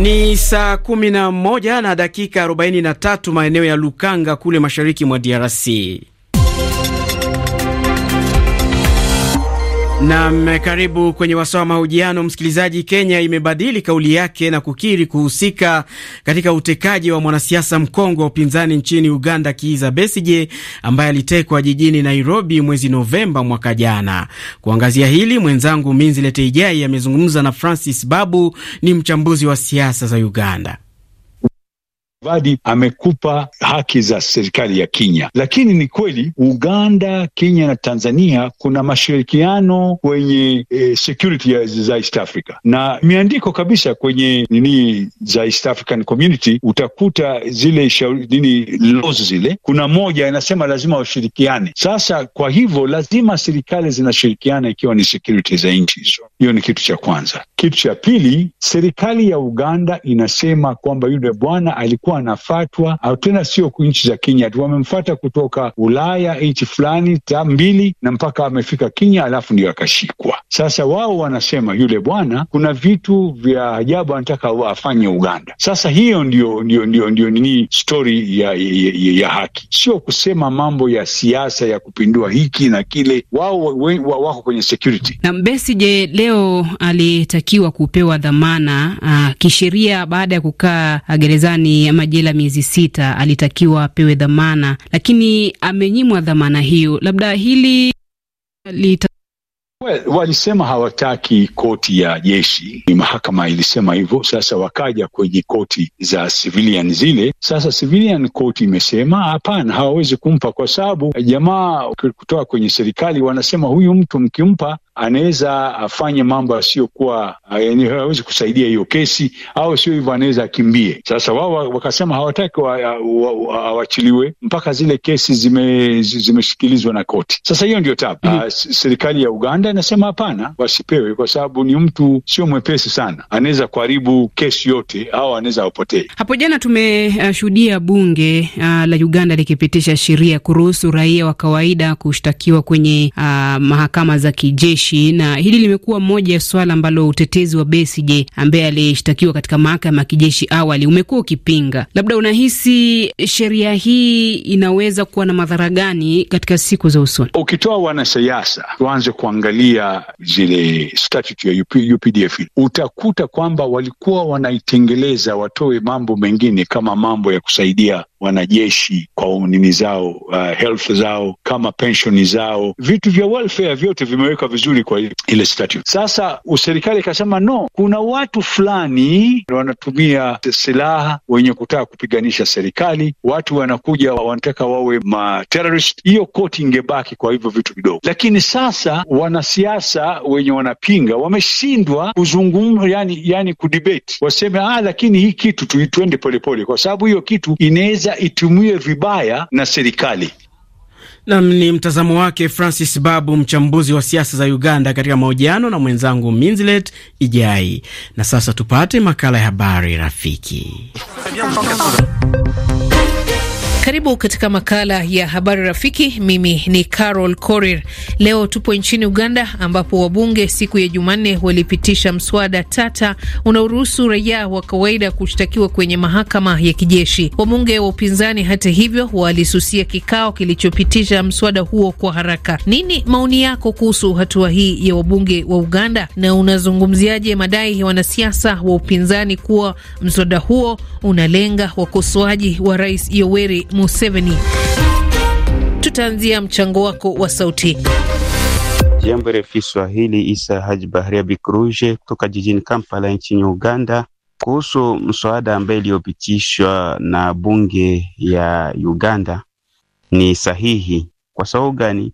Ni saa kumi na moja na dakika tatu maeneo ya Lukanga kule mashariki mwa DRC. Nam, karibu kwenye wasaa wa mahojiano msikilizaji. Kenya imebadili kauli yake na kukiri kuhusika katika utekaji wa mwanasiasa mkongwe wa upinzani nchini Uganda, Kiiza Besije, ambaye alitekwa jijini Nairobi mwezi Novemba mwaka jana. Kuangazia hili, mwenzangu minzileteijai Ijai amezungumza na Francis Babu, ni mchambuzi wa siasa za Uganda. Mudavadi amekupa haki za serikali ya Kenya, lakini ni kweli Uganda, Kenya na Tanzania kuna mashirikiano kwenye e, security za East Africa na miandiko kabisa kwenye nini za East African Community, utakuta zile shauri nini laws zile, kuna moja inasema lazima washirikiane. Sasa kwa hivyo lazima serikali zinashirikiana ikiwa ni security za nchi hizo. Hiyo ni kitu cha kwanza. Kitu cha pili, serikali ya Uganda inasema kwamba yule bwana alikuwa anafatwa au tena, sio nchi za Kenya tu, wamemfata kutoka Ulaya nchi fulani ta mbili, na mpaka amefika Kenya alafu ndio akashikwa. Sasa wao wanasema yule bwana kuna vitu vya ajabu anataka afanye Uganda. Sasa hiyo ndio ndio ndio ndio nini stori ya, ya, ya haki, sio kusema mambo ya siasa ya kupindua hiki na kile. Wao wako kwenye security. Na Mbesi, je, leo alitakiwa kupewa dhamana ah, kisheria baada ya kukaa ah, gerezani ama jela miezi sita, alitakiwa apewe dhamana, lakini amenyimwa dhamana hiyo. Labda hili lita Well, walisema hawataki koti ya jeshi, ni mahakama ilisema hivyo. Sasa wakaja kwenye koti za civilian zile. Sasa civilian koti imesema hapana, hawawezi kumpa kwa sababu jamaa kutoka kwenye serikali wanasema huyu mtu mkimpa anaweza afanye mambo asiyokuwa, eh, hawezi kusaidia hiyo kesi, au sio hivyo, anaweza akimbie. Sasa wao wakasema hawataki awachiliwe eh, wa, wa, wa, mpaka zile kesi zime, na koti. Sasa hiyo ndio tabu. mm -hmm. Ah, serikali ya Uganda inasema hapana, wasipewe kwa sababu ni mtu sio mwepesi sana, anaweza kuharibu kesi yote au anaweza apotee. Hapo jana tumeshuhudia uh, bunge uh, la Uganda likipitisha sheria kuruhusu raia wa kawaida kushtakiwa kwenye uh, mahakama za kijeshi nchi, na hili limekuwa moja ya swala ambalo utetezi wa Besigye ambaye alishtakiwa katika mahakama ya kijeshi awali umekuwa ukipinga. Labda unahisi sheria hii inaweza kuwa na madhara gani katika siku za usoni? Ukitoa wanasiasa, tuanze kuangalia zile statute ya UP, UPDF, utakuta kwamba walikuwa wanaitengeleza watoe mambo mengine kama mambo ya kusaidia wanajeshi kwa nini zao uh, health zao kama penshoni zao, vitu vya welfare vyote vimewekwa vizuri kwa ile statute. Sasa serikali ikasema no, kuna watu fulani wanatumia silaha wenye kutaka kupiganisha serikali, watu wanakuja wanataka wawe ma terrorist. Hiyo koti ingebaki kwa hivyo vitu vidogo, lakini sasa wanasiasa wenye wanapinga wameshindwa kuzungumza, yani, yani kudebate waseme ah, lakini hii kitu tuitwende polepole, kwa sababu hiyo kitu inaweza Kenya itumiwe vibaya na serikali. Nam ni mtazamo wake Francis Babu, mchambuzi wa siasa za Uganda, katika mahojiano na mwenzangu Minzilet Ijai. Na sasa tupate makala ya habari rafiki karibu katika makala ya habari rafiki. Mimi ni Carol Korir. Leo tupo nchini Uganda ambapo wabunge siku ya Jumanne walipitisha mswada tata unaoruhusu raia wa kawaida kushtakiwa kwenye mahakama ya kijeshi. Wabunge wa upinzani, hata hivyo, walisusia kikao kilichopitisha mswada huo kwa haraka. Nini maoni yako kuhusu hatua hii ya wabunge wa Uganda na unazungumziaje madai ya wanasiasa wa upinzani kuwa mswada huo unalenga wakosoaji wa Rais Yoweri Museveni. Tutaanzia mchango wako wa sauti. Jambo refu Swahili, Isa Haji Baharia Bikruje kutoka jijini Kampala nchini Uganda, kuhusu mswada ambaye iliyopitishwa na bunge ya Uganda ni sahihi. Kwa sababu gani?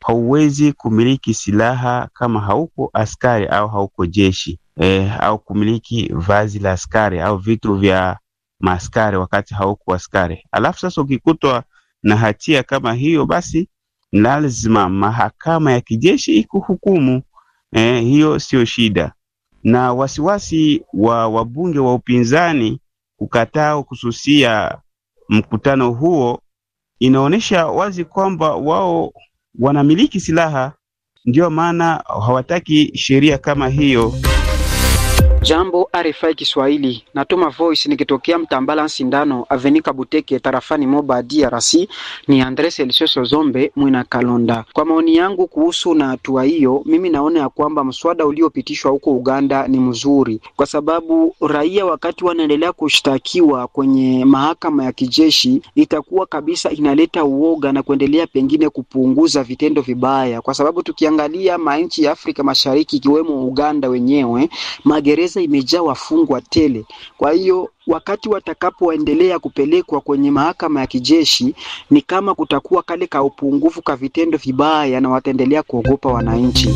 Hauwezi kumiliki silaha kama hauko askari au hauko jeshi eh, au kumiliki vazi la askari au vitu vya maaskari wakati hauku askari. Alafu sasa ukikutwa na hatia kama hiyo, basi lazima mahakama ya kijeshi ikuhukumu. Eh, hiyo sio shida. Na wasiwasi wa wabunge wa upinzani kukataa kususia mkutano huo inaonyesha wazi kwamba wao wanamiliki silaha, ndiyo maana hawataki sheria kama hiyo. Jambo RFI Kiswahili, natuma voice nikitokea Mtambala Sindano Avenika Buteke tarafani Moba DRC. Ni Andres Elisoso Zombe Mwina Kalonda. Kwa maoni yangu kuhusu na hatua hiyo, mimi naona ya kwamba mswada uliopitishwa huko Uganda ni mzuri, kwa sababu raia wakati wanaendelea kushtakiwa kwenye mahakama ya kijeshi itakuwa kabisa inaleta uoga na kuendelea pengine kupunguza vitendo vibaya, kwa sababu tukiangalia manchi ya Afrika Mashariki ikiwemo Uganda wenyewe magereza sasa imejaa wafungwa tele. Kwa hiyo wakati watakapoendelea kupelekwa kwenye mahakama ya kijeshi, ni kama kutakuwa kale ka upungufu ka vitendo vibaya, na wataendelea kuogopa wananchi.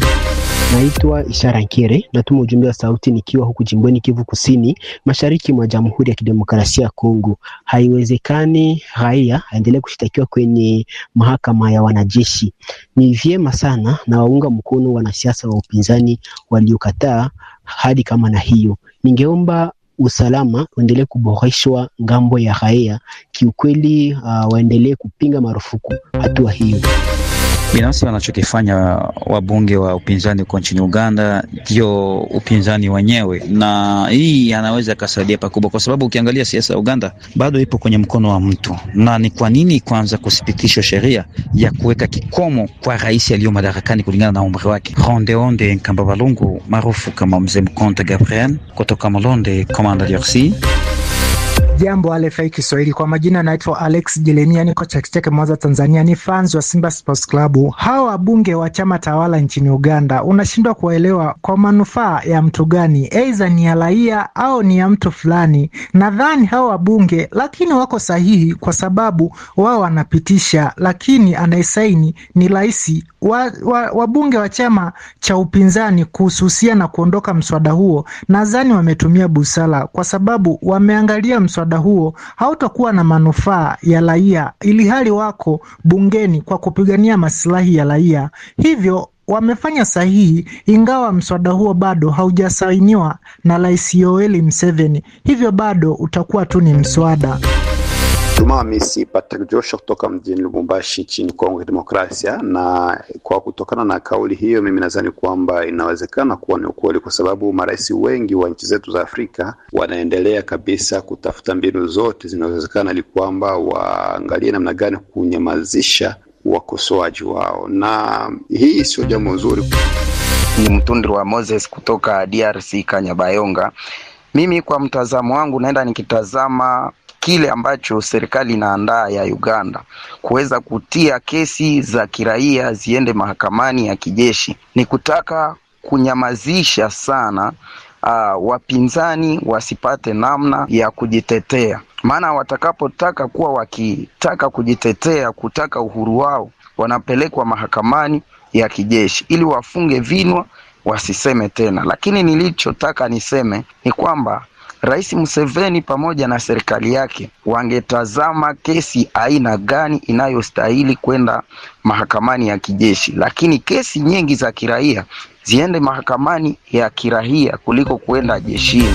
Naitwa Ishara Nkere, natuma ujumbe wa sauti nikiwa huku jimboni Kivu Kusini, mashariki mwa Jamhuri ya Kidemokrasia ya Kongo. Haiwezekani raia aendelee kushitakiwa kwenye mahakama ya wanajeshi. Ni vyema sana na waunga mkono wanasiasa wa upinzani waliokataa hadi kama na hiyo. Ningeomba usalama uendelee kuboreshwa ngambo ya raia. Kiukweli, uh, waendelee kupinga marufuku hatua hiyo. Binafsi wanachokifanya wabunge wa upinzani huko nchini Uganda ndio upinzani wenyewe, na hii anaweza akasaidia pakubwa, kwa sababu ukiangalia siasa ya Uganda bado ipo kwenye mkono wa mtu. Na ni kwa nini kwanza kusipitishwa sheria ya kuweka kikomo kwa rais aliyo madarakani kulingana na umri wake? Rondeonde Nkamba maarufu kama Mzee Mkonte Gabriel kutoka Molonde, Komanda DRC. Jambo RFI Kiswahili, kwa majina naitwa Alex Jeremia, niko Chakechake, Mwanza, Tanzania. Ni fans wa Simba Sports Club. Hawa wabunge wa chama tawala nchini Uganda unashindwa kuwaelewa kwa manufaa ya mtu gani, aidha ni ya raia au ni ya mtu fulani. Nadhani hawa wabunge, lakini wako sahihi kwa sababu wao wanapitisha, lakini anayesaini ni rais. Wabunge wa, wa, wa chama cha upinzani kuhususia na kuondoka mswada huo, nadhani wametumia busara kwa sababu wameangalia mswada mswada huo hautakuwa na manufaa ya raia, ili hali wako bungeni kwa kupigania masilahi ya raia. Hivyo wamefanya sahihi, ingawa mswada huo bado haujasainiwa na Rais Yoweri Museveni, hivyo bado utakuwa tu ni mswada. Alhamisi Patrick kutoka mjini Lubumbashi nchini Kongo Demokrasia. Na kwa kutokana na kauli hiyo, mimi nadhani kwamba inawezekana kuwa ni ukweli, kwa sababu marais wengi wa nchi zetu za Afrika wanaendelea kabisa kutafuta mbinu zote zinazowezekana ili kwamba waangalie namna gani kunyamazisha wakosoaji wao, na hii sio jambo nzuri. Ni mtundri wa Moses kutoka DRC Kanyabayonga. Mimi kwa mtazamo wangu naenda nikitazama kile ambacho serikali inaandaa ya Uganda kuweza kutia kesi za kiraia ziende mahakamani ya kijeshi ni kutaka kunyamazisha sana uh, wapinzani wasipate namna ya kujitetea, maana watakapotaka kuwa wakitaka kujitetea, kutaka uhuru wao, wanapelekwa mahakamani ya kijeshi ili wafunge vinwa wasiseme tena. Lakini nilichotaka niseme ni kwamba Rais Museveni pamoja na serikali yake wangetazama kesi aina gani inayostahili kwenda mahakamani ya kijeshi, lakini kesi nyingi za kiraia ziende mahakamani ya kiraia kuliko kwenda jeshini.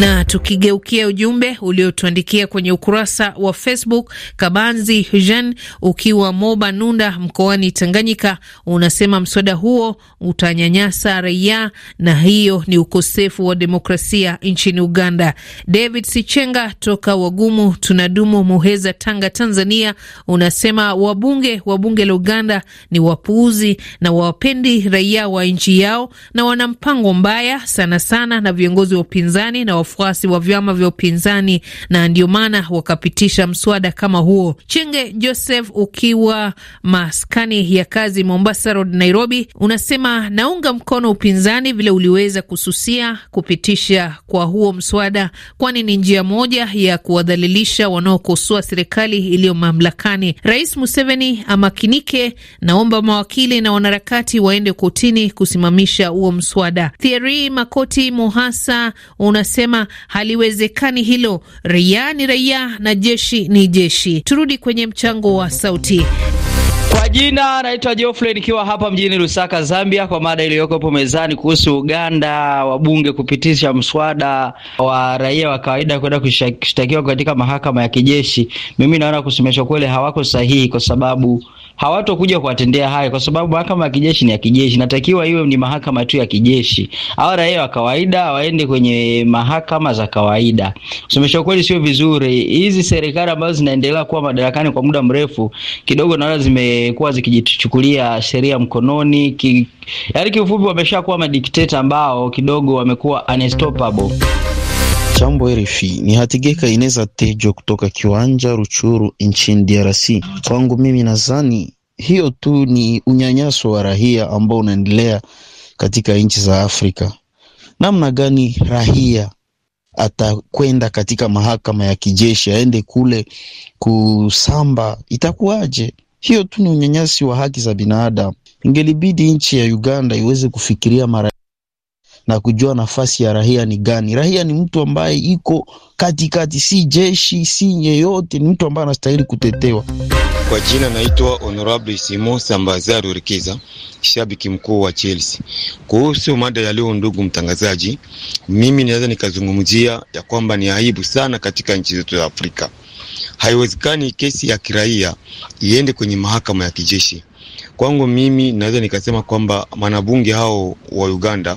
Na tukigeukia ujumbe uliotuandikia kwenye ukurasa wa Facebook, Kabanzi Jean ukiwa Moba Nunda mkoani Tanganyika, unasema mswada huo utanyanyasa raia na hiyo ni ukosefu wa demokrasia nchini Uganda. David Sichenga toka Wagumu tunadumu Muheza, Tanga, Tanzania, unasema wabunge wa bunge la Uganda ni wapuuzi na wapendi raia wa nchi yao na wana mpango mbaya sana sana na viongozi wa upinzani na wafuasi wa vyama vya upinzani, na ndio maana wakapitisha mswada kama huo. Chenge Joseph, ukiwa maskani ya kazi Mombasa Road, Nairobi, unasema naunga mkono upinzani vile uliweza kususia kupitisha kwa huo mswada, kwani ni njia moja ya kuwadhalilisha wanaokosoa serikali iliyo mamlakani. Rais Museveni amakinike, naomba mawakili na wanaharakati waende kotini kusimamisha huo mswada. Thierry Makoti Mohasa unasema amesema haliwezekani hilo, raia ni raia na jeshi ni jeshi. Turudi kwenye mchango wa sauti. Kwa jina naitwa Geoffrey nikiwa hapa mjini Lusaka, Zambia, kwa mada iliyoko hapo mezani kuhusu Uganda, wabunge kupitisha mswada wa raia wa kawaida kwenda kushtakiwa katika mahakama ya kijeshi. Mimi naona kusemeshwa kweli hawako sahihi, kwa sababu hawatokuja kuwatendea hayo, kwa sababu mahakama ya kijeshi ni ya kijeshi, natakiwa iwe ni mahakama tu ya kijeshi. Au raia wa kawaida waende kwenye mahakama za kawaida. Kusomesha ukweli, sio vizuri. Hizi serikali ambazo zinaendelea kuwa madarakani kwa muda mrefu kidogo, naona zimekuwa zikijichukulia sheria mkononi ki, yaani kiufupi, wameshakuwa madikteta ambao kidogo wamekuwa unstoppable. Jambo RFI, ni Hatigeka Ineza Tejo kutoka Kiwanja Ruchuru nchini DRC. Kwangu mimi nadhani hiyo tu ni unyanyaso wa rahia ambao unaendelea katika nchi za Afrika. Namna gani rahia atakwenda katika mahakama ya kijeshi aende kule kusamba, itakuwaje? Hiyo tu ni unyanyasi wa haki za binadamu. Ingelibidi nchi ya Uganda iweze kufikiria mara na kujua nafasi ya rahia ni gani. rahia ni mtu ambaye iko katikati si jeshi si yeyote, ni mtu ambaye anastahili kutetewa. Kwa jina naitwa Honorable Simon Sambazaru Rikiza, shabiki mkuu wa Chelsea. Kuhusu mada ya leo, ndugu mtangazaji, mimi naweza nikazungumzia ya kwamba ni aibu sana katika nchi zetu za Afrika. Haiwezekani kesi ya kiraia iende kwenye mahakama ya kijeshi. Kwangu mimi naweza nikasema kwamba wanabunge hao wa Uganda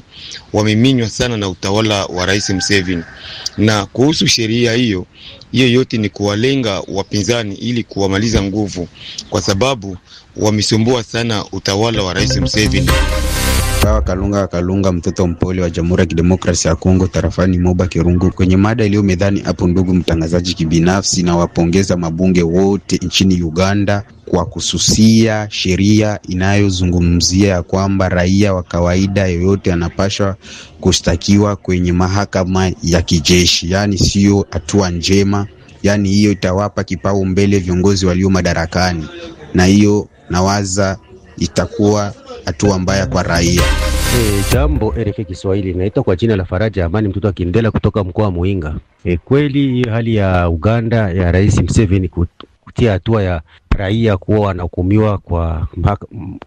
wameminywa sana na utawala wa Rais Museveni. Na kuhusu sheria hiyo, hiyo yote ni kuwalenga wapinzani ili kuwamaliza nguvu, kwa sababu wamesumbua sana utawala wa Rais Museveni sawa. Kalunga Kalunga, mtoto mpole wa Jamhuri ya Kidemokrasia ya Kongo, tarafani Moba Kirungu. Kwenye mada iliyo medhani hapo, ndugu mtangazaji, kibinafsi na wapongeza mabunge wote nchini Uganda kwa kususia sheria inayozungumzia ya kwamba raia wa kawaida yoyote anapashwa kushtakiwa kwenye mahakama ya kijeshi, yaani siyo hatua njema, yaani hiyo itawapa mbele viongozi walio madarakani, na hiyo nawaza itakuwa hatua mbaya kwa raia. E, jambo RFI Kiswahili, naitwa kwa jina la Faraja Amani mtoto wa Kindela kutoka mkoa wa Muinga. E, kweli hiyo hali ya Uganda ya Rais Museveni kutia hatua ya raia kuwa wanahukumiwa kwa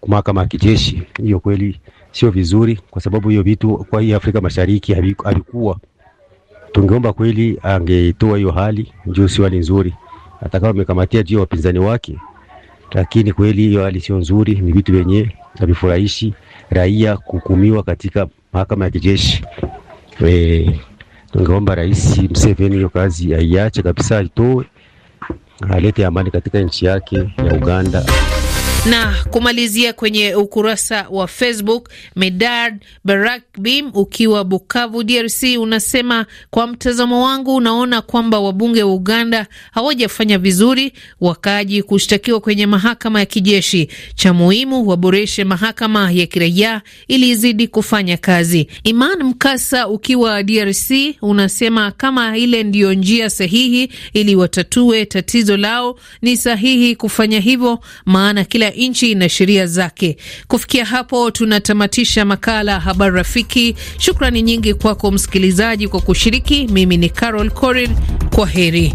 mahakama ya kijeshi, hiyo kweli sio vizuri, kwa sababu hiyo vitu kwa hii Afrika Mashariki havikuwa. Tungeomba kweli angetoa hiyo hali, juu si hali nzuri, atakao amekamatia juu ya wapinzani wake lakini kweli hiyo hali sio nzuri, ni vitu vyenye havifurahishi raia kuhukumiwa katika mahakama ya kijeshi. E, tungeomba Rais Museveni hiyo kazi aiache kabisa, aitoe, alete amani katika nchi yake ya Uganda. Na kumalizia kwenye ukurasa wa Facebook, Medard Barak Bim ukiwa Bukavu, DRC, unasema kwa mtazamo wangu, unaona kwamba wabunge wa Uganda hawajafanya vizuri wakaaji kushtakiwa kwenye mahakama ya kijeshi. Cha muhimu waboreshe mahakama ya kiraia ili izidi kufanya kazi. Iman Mkasa ukiwa DRC unasema kama ile ndiyo njia sahihi ili watatue tatizo lao, ni sahihi kufanya hivyo, maana kila nchi na sheria zake. Kufikia hapo tunatamatisha makala ya habari rafiki. Shukrani nyingi kwako msikilizaji kwa kushiriki. Mimi ni Carol Corin, kwa heri.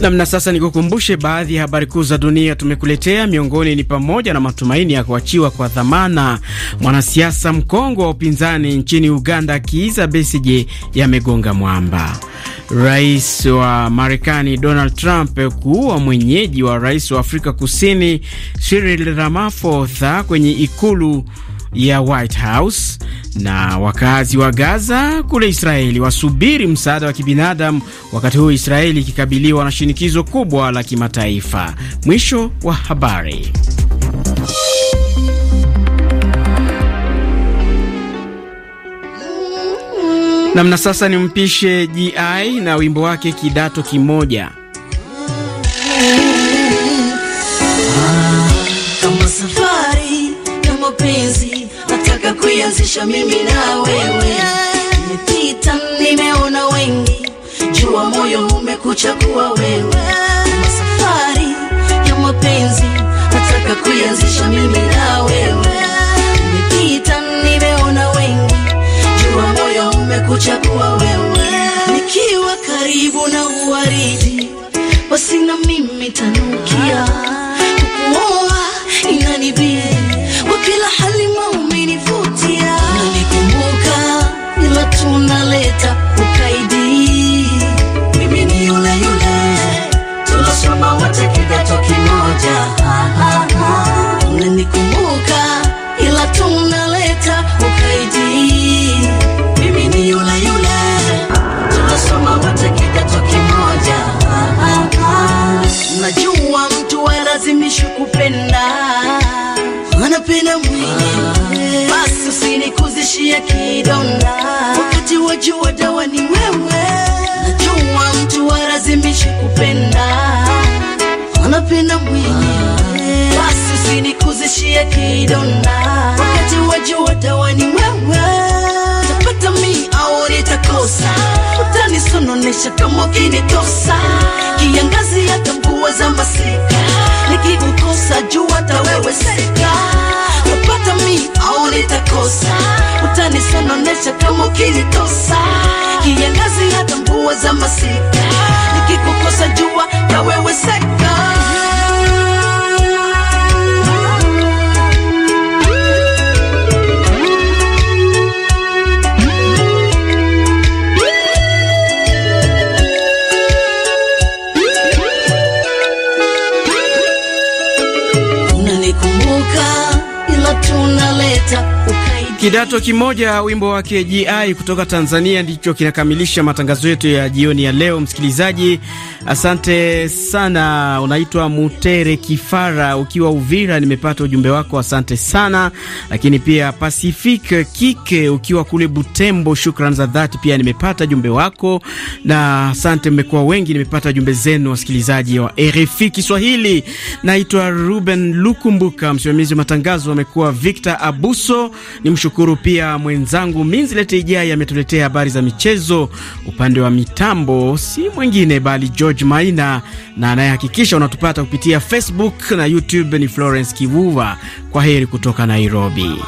Namna sasa, nikukumbushe baadhi ya habari kuu za dunia tumekuletea. Miongoni ni pamoja na matumaini ya kuachiwa kwa dhamana mwanasiasa mkongwe wa upinzani nchini Uganda, Kizza Besigye yamegonga mwamba. Rais wa Marekani Donald Trump kuua mwenyeji wa rais wa Afrika Kusini Cyril Ramaphosa kwenye ikulu ya White House, na wakazi wa Gaza kule Israeli wasubiri msaada wa kibinadamu, wakati huu Israeli ikikabiliwa na shinikizo kubwa la kimataifa. Mwisho wa habari. Namna sasa ni mpishe GI na wimbo wake kidato kimoja. Kama safari mapenzi nataka kuianzisha mimi na wewe, nimepita nimeona wengi, jua moyo umekuchagua wewe. Kama safari ya mapenzi nataka kuianzisha mimi na wewe kuchagua wewe, nikiwa karibu na uwaridi, basi na mimi tanuki wapi na napenda mwenyewe, basi usinikuzishie kidonda, wakati wa jua dawa ni wewe, najua mtu warazimishi kupenda, anapenda mwenyewe, basi usinikuzishie kidonda, wakati wa jua dawa ni wewe, tapata mi au nitakosa, utanisononesha kama ukinikosa, kiangazi hata mvua za masika nikikukosa juu hata wewe sika utapata mi au nitakosa utanisononesha kama ukinitosa kiangazi hata mvua za masika nikikukosa jua na wewe sika Kidato kimoja, wimbo wake GI kutoka Tanzania, ndicho kinakamilisha matangazo yetu ya jioni ya leo. Msikilizaji, asante sana. Unaitwa Mutere Kifara ukiwa Uvira, nimepata ujumbe wako, asante sana. Lakini pia Pacific Kike ukiwa kule Butembo, shukran za dhati, pia nimepata jumbe wako na asante, mmekuwa wengi, nimepata jumbe zenu wasikilizaji wa RFI Kiswahili. Naitwa Ruben Lukumbuka, msimamizi wa matangazo amekuwa Victor Abuso ni mshu kumshukuru pia mwenzangu Minzilete Ijai ametuletea habari za michezo. Upande wa mitambo si mwingine bali George Maina, na anayehakikisha unatupata kupitia Facebook na YouTube ni Florence Kivuva. Kwa heri kutoka Nairobi.